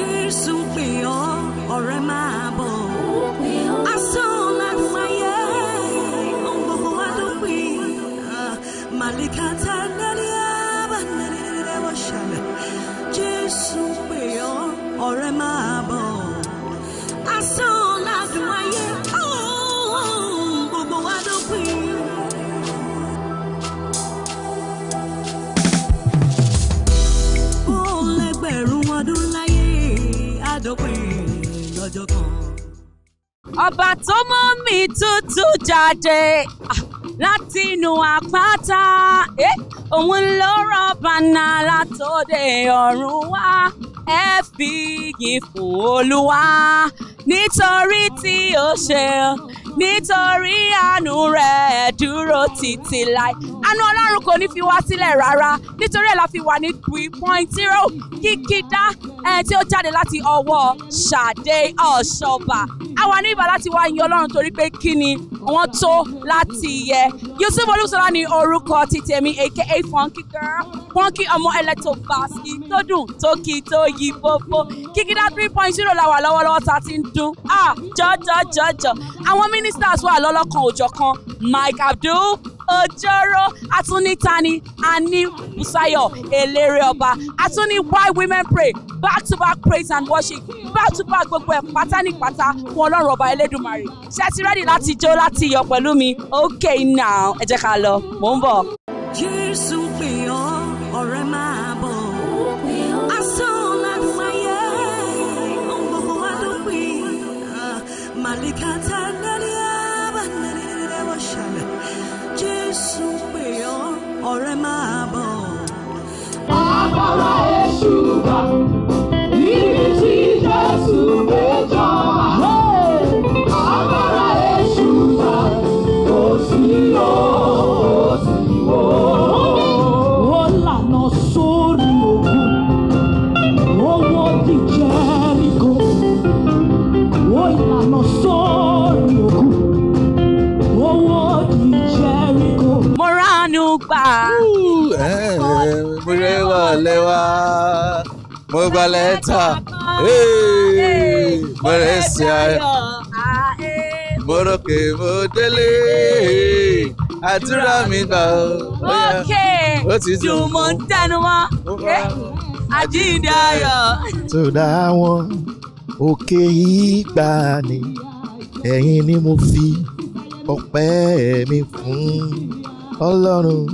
Jésù pè ọ́ ọ̀rẹ́ máa bọ̀. Asán lágbàáyé ohun gbogbo wa ló pè é. Màlíkàtà lẹ́ni àbá dópin lọ́jọ́ kan. ọba tó mú mi tútù jáde ah, láti inú àpáta eh, òun ló rán bànà látòde ọ̀run wá ẹ fi yìn fún olúwa nítorí tí ó ṣeun nítorí àánú rẹ̀ dúró títí láì àánú ọlọ́run kò ní fi wá sílẹ̀ rárá nítorí ẹ̀ la fi wà ní three point zero kíkídá ẹ̀ tí ó jáde láti ọwọ́ Ṣàdé Ọ̀ṣọ́bà àwa ní ìbà láti wá yin ọlọ́run torí pé kí ni wọ́n tó láti yẹ Yusuf Olúṣọlá ni orúkọ ti tèmi aka funky girl funky ọmọ ẹlẹ́tò bàṣì tó dùn tó kì í tó yí bóbó kíkídá three point zero la wà lọ́wọ́lọ́wọ́ tá a ti ń d dùn ah jọjọjọjọ àwọn ministers wà lọ́lọ́kan òjọ̀kan Mike Abdul Ojoro atúnitani ani Busayo eléré ọba atúni why women pray back to back praise and worship back to back gbogbo ẹ̀ pátá ní pátá fún ọlọ́run ọba elédùnmarè ṣé ti rẹ́dì láti jó láti yọ̀ pẹ̀lú mi okay now ẹ jẹ́ ká lọ mò ń bọ̀. Jésù follow wọlé wá mo gba lẹ́tà mo rẹ̀ sí ayọ̀ mo ròkè mo délé àdúrà mi gbà ó. ókè dùn mọ́ ń tẹnu mọ́ àjíǹde ayọ̀. tó wọn òkè yìí gbà ní ẹ̀yin ni mo fi ọpẹ́ mi fún ọlọ́run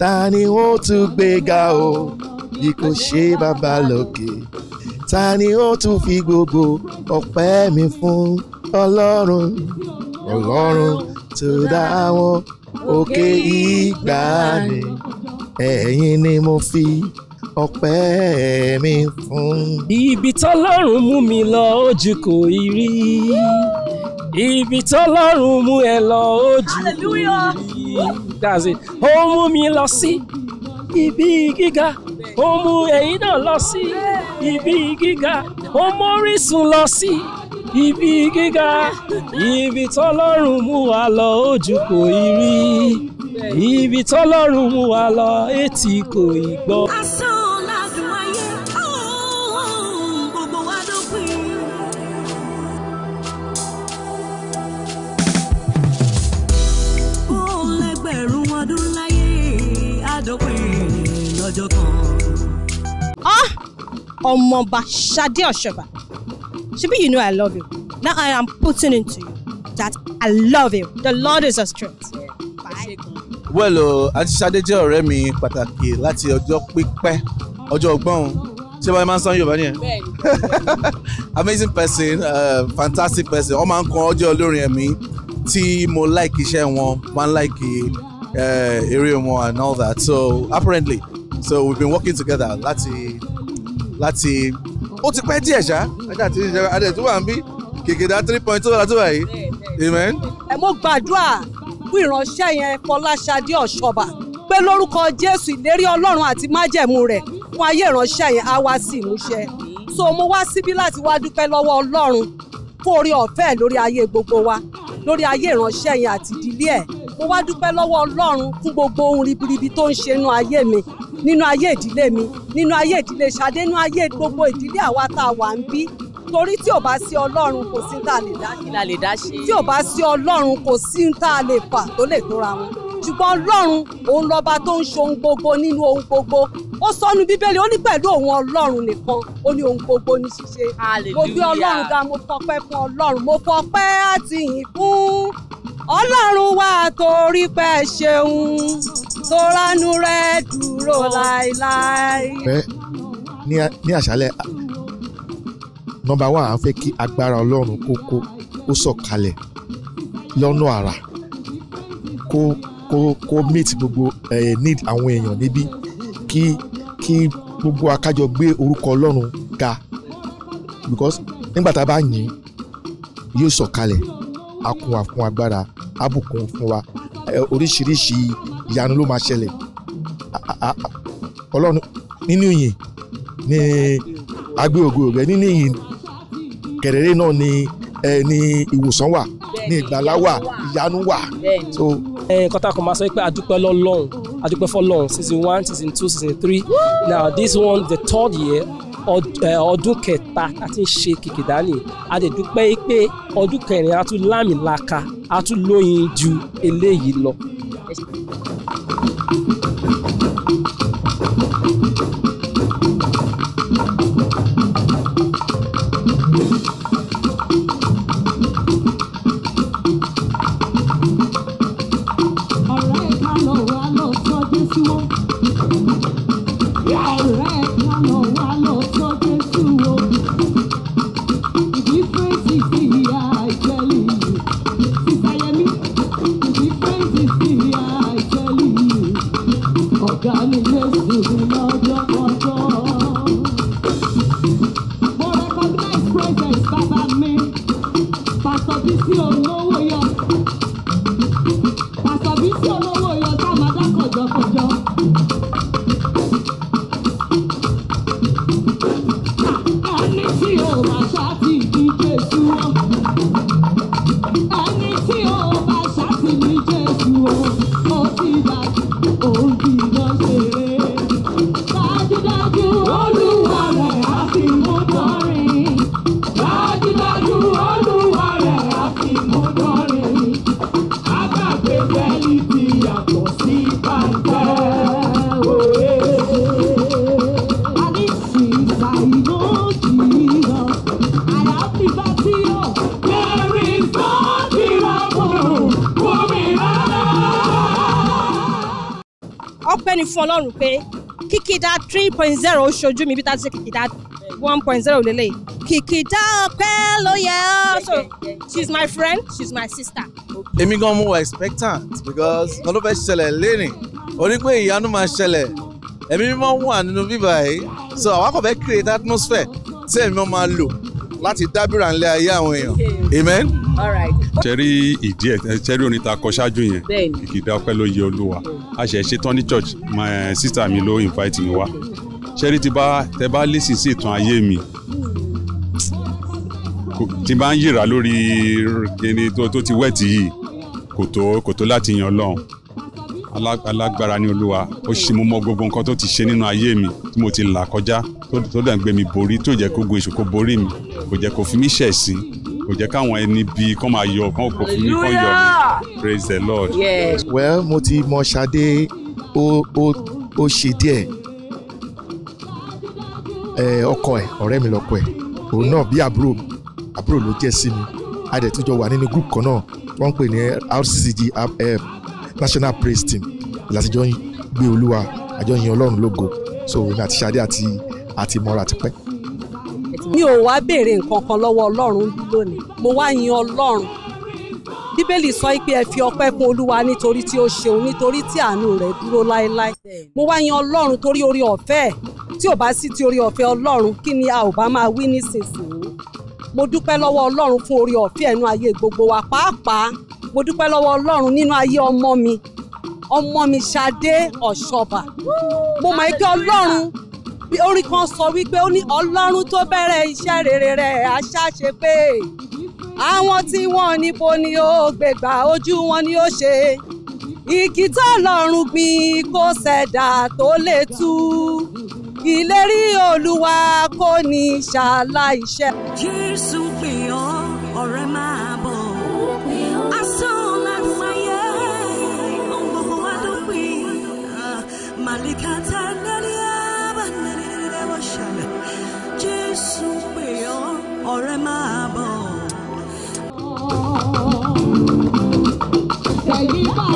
ta ni ó tún gbéga o bí kò ṣe bàbá lókè ta ni ó tún fi gbogbo ọpẹ́ mi fún ọlọ́run ọlọ́run tó dá wọn òkè ìgbàanì ẹ̀yin ni mo fi ọpẹ́ mi fún. ibi tọ́lọ́run mú mi lọ ojú kò ì rí ibi tọ́lọ́run mú ẹ lọ ojú kò ì rí ó mú mi lọ sí ibi gíga ó mú ẹ̀yin náà lọ sí ibi gíga ó mórísun lọ sí ibi gíga ibi tọ́lọ́run mú wa lọ ojú kò ì rí ibi tọ́lọ́run mú wa lọ etí kò ì gbọ́. Ah, Ọmọba Shadi Oshoba. Ṣebí you know I love you. Now I am putting into you that I love you. The Lord is our strength. Bye. Well, Àǹtí oh, Ṣadé jẹ́ ọ̀rẹ́ mi pàtàkì láti ọjọ́ pípẹ́, ọjọ́ ọgbọ́n. Ṣé báyìí máa ń san Yorùbá nìyẹn? Amazing person, uh, fantastic person. Wọ́n máa ń kan ọjọ́ olórin ẹ̀mí tí mo like iṣẹ́ wọn, máa ń like uh, eré wọn and all that. So apparently so we been working together láti láti ó ti pẹ́ díẹ̀ ṣá ẹja ti ṣe adé tó wà ń bí kìkìdá three point two láti wà yìí amen. ẹ mo gbàdúrà fún ìránṣẹ́ yẹn Fọláṣadé Ọ̀ṣọ́bà pé lórúkọ Jésù ìlérí Ọlọ́run àti májẹ̀mú rẹ̀ fún ayé ìránṣẹ́ yẹn á wá sí ìmúṣẹ so mo wá síbí láti wá dúpẹ́ lọ́wọ́ Ọlọ́run fún orí ọ̀fẹ́ lórí ayé gbogbo wa lórí ayé ìránṣẹ́ yẹn àti ìdílé ẹ̀ mo wá dúpẹ́ lọ́wọ́ Ọlọ́run fún gbogbo ohun ribiribi tó ń ṣe inú ayé mi nínú ayé ìdílé mi nínú ayé ìdílé Ṣadé nínú ayé gbogbo ìdílé àwa tá a wà ń bí torí tí ò bá sí ọlọ́run kò sí tá a lè dá ṣe tí ò bá sí ọlọ́run kò sí tá a lè fà tó lè tóra wọn ṣùgbọ́n ọlọ́run òun lọ́ba tó ń ṣe ohun gbogbo nínú ohun gbogbo ó sọnu bíbélì ó ní pẹ̀lú òun ọlọ́run nìkan ó ní ohun gbogbo ní ṣíṣe mo gbé ọlọ́run ga mo fọpẹ́ fún ọlọ́run mo fọpẹ́ àti yìn fún ọlọ́run wa torí pé ṣeun tó ránú rẹ dùn kúrò láéláé. bẹ́ẹ̀ ní àṣálẹ́ nọ́mbà wa à ń fẹ́ kí agbára Ọlọ́run kókó ó sọ̀kalẹ̀ lọ́nà àrà kó kó kó meet gbogbo ẹ̀ need àwọn èèyàn níbí kí kí gbogbo akájọ gbé orúkọ Ọlọ́run ga because nígbà tá a bá yìn yóò sọ̀kalẹ̀ akun àfún agbára abùkún fún wa oríṣiríṣi ìyanu ló máa ṣẹlẹ̀ ọlọ́run nínú ìyìn ní agbé ògo rẹ nínú ìyìn kẹrẹrẹ náà ni ẹ ní ìwòsàn wà ní ìgbàlá wà ìyanu wà. nǹkan tá a kò máa sọ pé adúpẹ́ lọ́lọ́run adúpẹ́ fọ́lọ́run season one season two season three now this one the third year ọdún kẹta àti ṣe kìkìdá nìyí a pé ọdún kẹrin a tún lámìlaka a tún lóyin ju eléyìí lọ. Got me what I'm talking about? ọpẹ́ ni fún ọlọ́run pé kìkìdá three point zero ó ṣojú mi bí tá a ti ṣe kìkìdá one point zero lélẹ̀ kìkìdá ọpẹ́ ló yẹ ọ́ so she's my friend she's my sister. èmi gan mo wà expectant because kan ló fẹ́ ṣẹlẹ̀ lẹ́nìí orí pé ìyanu máa ṣẹlẹ̀ ẹ̀mí mímọ́ wà nínú bíbá yìí so àwọn akọ̀fẹ́ create atmosphere tí ẹ̀mí mímọ́ máa lò láti dábìrà ńlẹ̀ ayé àwọn èèyàn amen. Okay sẹ́rí ìdí ẹ̀ sẹ́rí orin ta kọ ṣáájú yẹn ìkìdá ọpẹ́ ló yẹ olúwa a ṣẹ̀ ṣe tán ní church my eh, sister mi ló invite mi wá sẹ́rí tí bá tẹ bá lè sìn sí ìtàn ayé mi tí bá ń yìrà lórí kíni tó ti wẹ̀ tì yìí kò tó kò tó láti yan ọlọ́run alágbára ní olúwa ó ṣe mo mọ gbogbo nǹkan tó ti ṣe nínú ayé mi tí mo ti là kọjá tó dàn gbé mi borí tó jẹ́ kó gbé èṣù kó borí mi kò jẹ́ kó fi mí ṣẹ̀ sí kò jẹ́ káwọn ẹni bíi kán máa yọ kán kò fún mi kán yọ mi praise the lord. Yes. well mo ti mọ Ṣadé o ó ó ṣe díẹ̀ ọkọ ẹ̀ ọ̀rẹ́ mi lọ́kọ ẹ̀ òun náà bí àbúrò àbúrò ló jẹ́ sí mi a dẹ̀ jọ wà nínú group kan náà wọ́n ń pè ní RCCG eh, National Praise Team láti jọ gbé Olúwa àjọyìn Ọlọ́run lógo so èmi àti Ṣadé àti àti mọ́ra ti pẹ́ mi ò wá béèrè nǹkan kan lọ́wọ́ ọlọ́run lónìí mo wá yin ọlọ́run bíbélì sọ pé ẹ fi ọpẹ́ fún olúwa nítorí tí ó ṣeun nítorí tí àánú rẹ̀ dúró láéláé mo wá yin ọlọ́run torí orí ọ̀fẹ́ tí ò bá sí ti orí ọ̀fẹ́ ọlọ́run kí ni a ò bá máa wí nísinsìnyí mo dúpẹ́ lọ́wọ́ ọlọ́run fún orí ọ̀fẹ́ ẹnu ayé gbogbo wa pàápàá mo dúpẹ́ lọ́wọ́ ọlọ́run nínú ayé ọmọ mi ọmọ mi ṣadé ọ̀ṣọ́bà mo mọ̀ ẹ́ pé orin kan sọ wípé ó ní ọlọ́run tó bẹ̀rẹ̀ iṣẹ́ rere rẹ̀ aṣáṣe pé àwọn tí wọ́n níbo ni ó gbégbá ojú wọn ni ó ṣe igi tó lọ́run gbìn kó ṣẹ̀dá tó lè tú ìlérí olúwa kò ní ṣàlàyé iṣẹ́. jésù pè ọ́ ọ̀rẹ́ máa bọ̀ asán lágbàáyé ohun gbogbo wa ló pè ah, màlíkà ọ̀rẹ́ máa bọ̀. ẹ̀yin bá.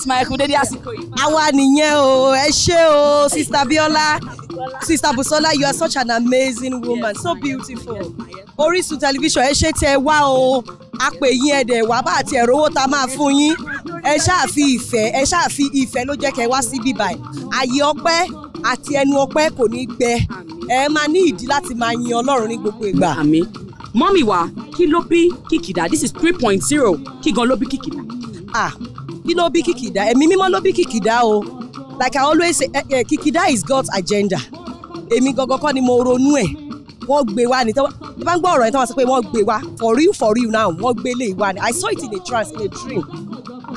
yes ma ẹ kú dédé àsìkò yìí. àwa nìyẹn o ẹ ṣé o sista Biola sista Busola you are such an amazing woman so beautiful Orísun tẹlifíṣàn ẹ ṣé tẹ wá o a pè yín ẹdẹ wá bá àti ẹrọ owó tá a máa fún yín ẹ ṣáà fi ìfẹ́ ẹ ṣáà fi ló jẹ́ kẹ́ wá síbí báyìí àyè ọpẹ́ àti ẹnu ọpẹ́ kò ní gbẹ ẹ máa ní ìdí láti máa yin Ọlọ́run ní gbogbo ìgbà. mọ́mì wa kí ló bí kìkìdá this is three point zero kí gan ló bí kìkìdá. ah kí ló bí kìkìdá ẹ̀mí mímọ́ ló bí kìkìdá o like I always say eh, eh kìkìdá is God's agenda èmi gangan kọ́ ni mo ronú ẹ̀ wọ́n gbé wa ni. tọ́wọ́ bá ń gbọ́ ọ̀rọ̀ yẹn tọ́wọ́ sọ pé wọ́n gbé wa for real for real now wọ́n gbé lè wa ni I saw it in a trance in a dream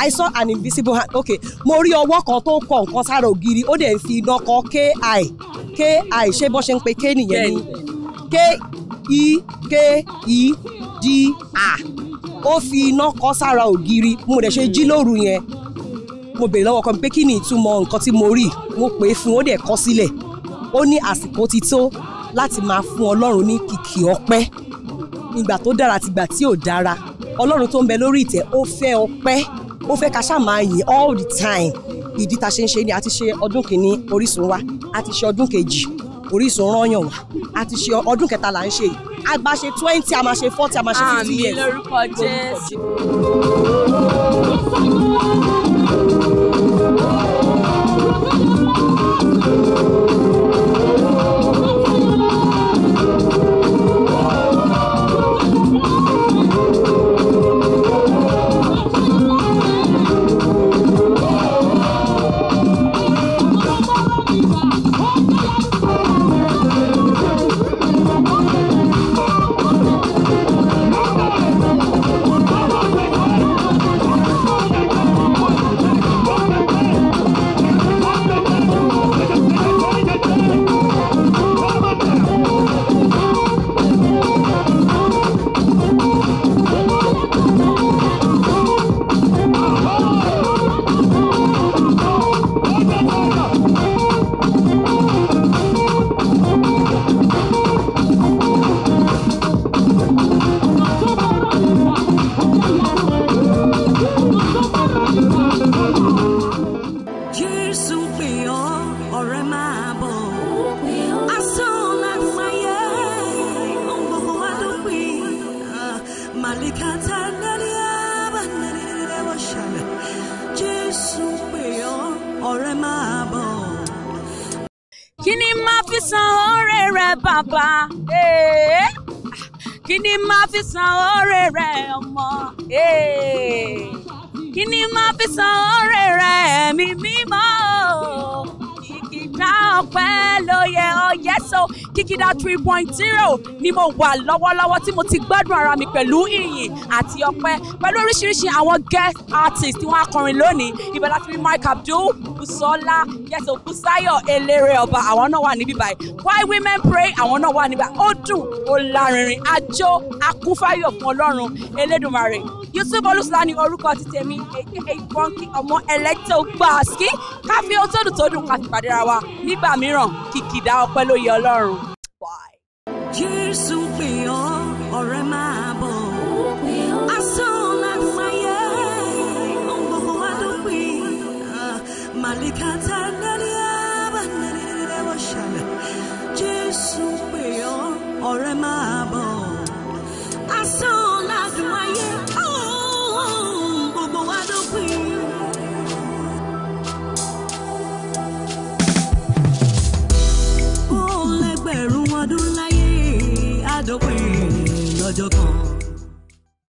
I saw an invisible hand okay mo rí ọwọ́ kan tó kọ nǹkan sára ògiri ó dẹ̀ ń fi iná kọ ki ki ṣé bọ́ ṣe ń pe k nìyẹn ni k i k i d a ó fi iná kan sára ògiri mo dẹ̀ ṣe jí lóru yẹn mo bèrè lọ́wọ́ kan pé kí ni ìtumọ̀ nǹkan tí mo rí mo pè é fún ó dẹ̀ kọ sílẹ̀ ó ní àsìkò ti tó láti máa fún ọlọ́run ní kìkì ọpẹ́ ìgbà tó dára àti ìgbà tí ò dára ọlọ́run tó ń bẹ lórí ìtẹ́ ó fẹ́ ọpẹ́ ó fẹ́ ká ṣáà máa all the time ìdí ta ṣe ń ṣe ni a ti ṣe ọdún kìíní orísun wa a ti ṣe ọdún kejì orísun rányàn wa a ti ṣe ọdún kẹta là ń ṣe yìí a máa ṣe twenty a máa ṣe forty a ṣe fifty years. àmì lórúkọ jésù. fi san oore rẹ bàbá eh. kí ni máa fi san oore rẹ ọmọ eh. kí ni máa fi san oore rẹ ẹ̀mí ọpẹ́ ló yẹ ọ yẹ́sọ Kìkìdá three point zero ni mo wà lọ́wọ́lọ́wọ́ tí mo ti gbádùn ara mi pẹ̀lú ìyìn àti ọpẹ́ pẹ̀lú oríṣiríṣi àwọn guest artist tí wọ́n á kọrin lónìí ibẹ̀ láti rí Mike Abdul Busola yẹ́sọ oh, Busayo eléré ọba àwọn náà wà níbí báyìí Why Women Pray àwọn náà wà níbí báyìí ó dùn ó lárinrin àjò akúfáyọ̀ fún Ọlọ́run Elédùmarè Yusuf Olúṣọlá ni orúkọ ti tèmi ìbọn kí ọmọ ẹlẹ́tẹ̀ gbàásì káfí ó tòdù tó dùn káfí pàdé ara wa nígbà mìíràn kìkìdá ọpẹ́ ló Ọlọ́run. Jésù pè ọ́ ọ̀rẹ́ máa.